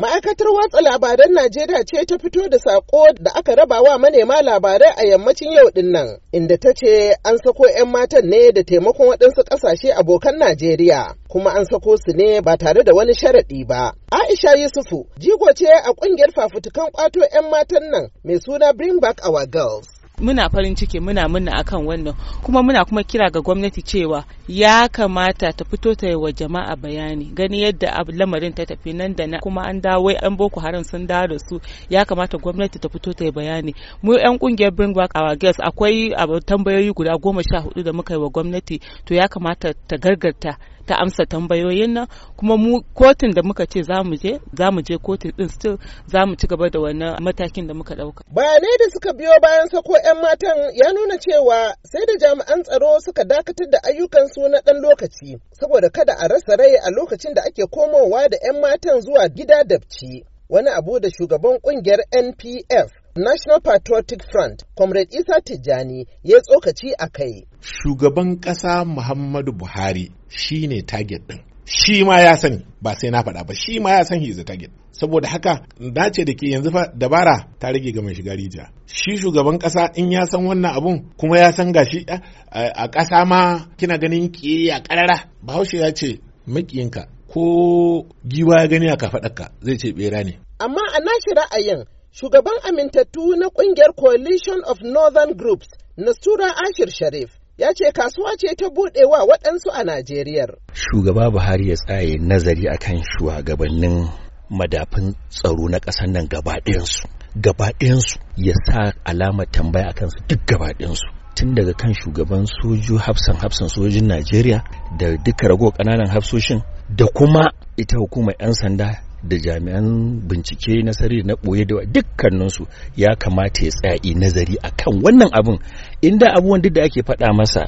Ma'aikatar watsa labaran Najeriya ce ta fito da sako da aka raba wa manema labarai a yammacin yau din nan, inda ta ce an sako 'yan matan ne da taimakon waɗansu ƙasashe abokan Najeriya, kuma an sako su ne ba tare da wani sharaɗi ba. Aisha Yusufu, jigo ce a ƙungiyar fafutukan ƙwato 'yan matan nan mai suna Bring Back Our Girls. muna farin ciki muna muna akan wannan kuma muna kuma kira ga gwamnati cewa ya kamata ta fito ta wa jama'a bayani gani yadda lamarin ta tafi nan da nan. kuma an dawo yan boko haram sun dawo da su ya kamata gwamnati ta fito ta yi bayani mu yan kungiyar bring back our girls akwai tambayoyi guda goma sha hudu da muka yi wa gwamnati to ya kamata ta gargarta ta amsa tambayoyin nan kuma mu kotun da muka ce za mu je za mu je kotun din still za ci gaba da wannan matakin da muka dauka bayanai da suka biyo bayan sako yan matan ya nuna cewa sai da jami'an tsaro suka dakatar da ayyukan su na ɗan lokaci saboda kada a rasa rai a lokacin da ake komowa da yan matan zuwa gida dabci wani abu da shugaban kungiyar NPF National Patriotic Front, Comrade Isa Tijjani ya tsokaci a kai. Shugaban ƙasa Muhammadu Buhari shi ne target ɗin. Shi ma ya sani ba sai na faɗa ba shi ma ya san he target. Saboda haka na ce da ke yanzu fa dabara ta rage ga mai shiga rijiya. Shi shugaban ƙasa in ya san wannan abun kuma ya san gashi a ƙasa ma kina ganin a ƙarara. Bahaushe ya ce makiyinka ko giwa ya gani a ka zai ce ɓera ne. Amma a nashi ra'ayin Shugaban amintattu na ƙungiyar Coalition of Northern Groups, Nasura Ashir Sharif, ya ce kasuwa ce ta buɗewa waɗansu a Najeriya. Shugaba Buhari ya tsaye nazari akan shugabannin madafin tsaro na ƙasar nan gabaɗinsu gabaɗinsu ya sa alamar tambaya a su duk gabaɗinsu tun daga kan shugaban soju hafsan hafsan sojin najeriya da duka ragowar ƙananan hafsoshin da kuma ita hukumar 'yan sanda da jami'an bincike na sarari na ɓoye da dukkaninsu ya kamata ya tsaya nazari akan wannan abin inda abubuwan duk da ake faɗa masa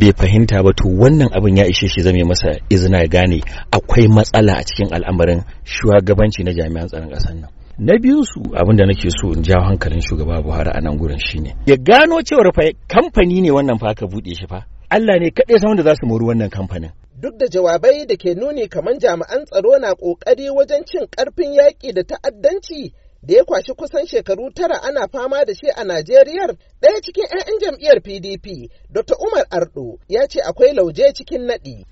bai fahimta ba to wannan abin ya ishe shi zame masa izina ya gane akwai matsala a cikin al'amarin shugabanci na jami'an tsaron ƙasar nan na biyu su abinda nake so in jawo hankalin shugaba buhari a nan gurin shine ya gano cewar fa kamfani ne wannan fa ka buɗe shi fa Allah ne kaɗai san wanda za su mori wannan kamfanin duk da jawabai da ke nuni kamar jami'an tsaro na ƙoƙari wajen cin ƙarfin yaƙi da ta'addanci da ya kwashi kusan shekaru tara ana fama da shi a Najeriya, ɗaya cikin 'ya'yan jam'iyyar PDP, Dr. Umar Ardo ya ce akwai lauje cikin naɗi.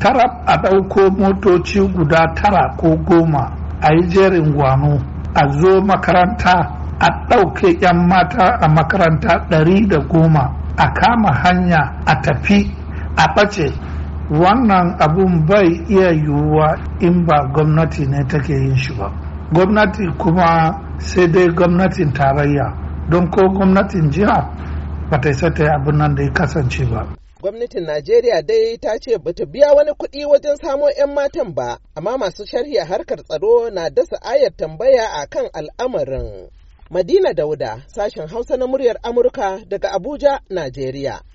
Tarab a ɗauko motoci guda tara ko goma a yi jerin gwano a zo makaranta a ɗauke 'yan mata a makaranta ɗari da goma a kama hanya a tafi a ɓace wannan abun bai iya yiwuwa in ba gwamnati ne take yin shi ba gwamnati kuma sai dai gwamnatin tarayya don ko gwamnatin jiha ba ta isa ta yi abin nan da ya kasance ba gwamnatin Najeriya dai ta ce bata biya wani kuɗi wajen samo 'yan matan ba, amma masu sharhi a harkar tsaro na dasa ayar tambaya a kan al'amarin. Madina Dauda, sashen Hausa na muryar Amurka daga Abuja, Najeriya.